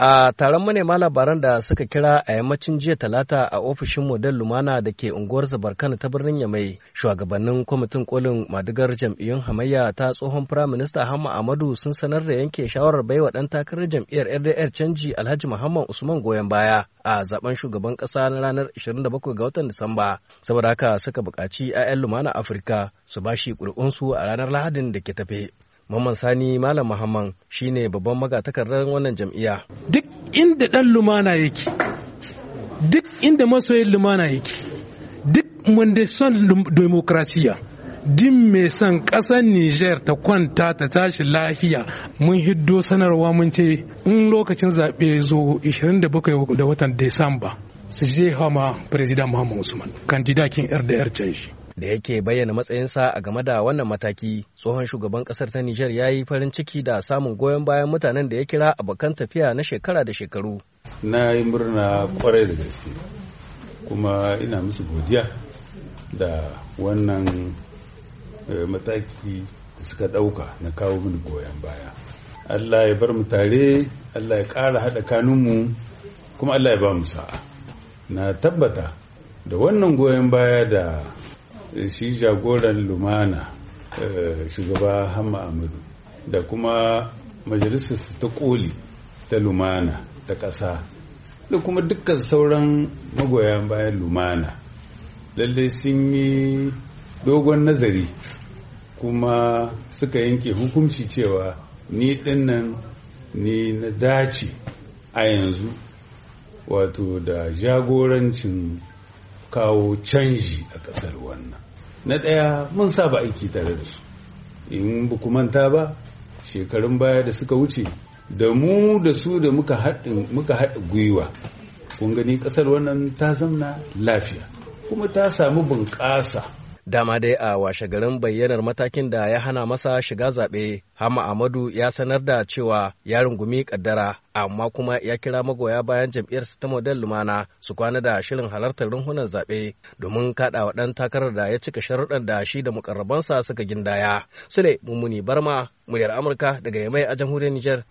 A taron manema labaran da suka kira a yammacin jiya talata a ofishin model Lumana da ke unguwar Zabarkana ta birnin Yamai, shugabannin kwamitin kolin madigar jam'iyyun hamayya ta tsohon firaminista Hamma Amadu sun sanar da yanke shawarar baiwa ɗan takarar jam'iyyar RDR canji Alhaji Muhammad Usman goyon baya a zaben shugaban ƙasa na ranar 27 ga watan Disamba. Saboda haka suka buƙaci 'ya'yan Lumana Afirka su bashi ƙuri'unsu a ranar Lahadin da ke tafe. Maman Sani Malam Muhammad shine babban magatakardar wannan jam'iyya. Duk inda ɗan lumana yake, duk inda masoyin lumana yake, duk wanda son demokrasiya, duk mai son ƙasar Nijar ta kwanta ta tashi lafiya mun hiddo sanarwa mun ce in lokacin zaɓe zo 27 da watan Desamba su je hama President Muhammad Usman, kandidakin RDR canji. da yake bayyana matsayinsa a game da wannan mataki tsohon shugaban kasar ta Nijar ya yi farin ciki da samun goyon bayan mutanen da ya kira abokan tafiya na shekara da shekaru. Na yi murna kwarai da gaske kuma ina musu godiya da wannan eh, mataki da suka ɗauka na kawo mini goyon baya. Allah ya bar mu tare, Allah ya ƙara haɗa kanunmu kuma Allah ya ba mu sa'a. Na tabbata da wannan goyon baya da shi jagoran lumana eh, shugaba hamma amadu da kuma majalisar ta koli ta lumana ta ƙasa da kuma dukkan sauran magoya bayan lumana lallai sun yi dogon nazari kuma suka yanke hukunci cewa ni dinnan ni na dace a yanzu wato da jagorancin kawo canji a ƙasar wannan na ɗaya mun saba aiki tare da su in ba ku manta ba shekarun baya da suka wuce da mu da su da muka haɗa gwiwa kun gani ƙasar wannan ta zamna lafiya kuma ta samu bunƙasa Dama dai a washe garin bayyanar matakin da ya hana masa shiga zaɓe, Hama Amadu ya sanar da cewa ya rungumi kaddara, amma kuma ya kira magoya bayan jam'iyyar ta model Lumana su kwana da shirin halartar runhunan zaɓe domin kaɗa wa ɗan takarar da ya cika sharuɗan da shi da mukarrabansa suka gindaya. Sule Mummuni Barma, muryar Amurka daga Yamai a jamhuriyar Nijar.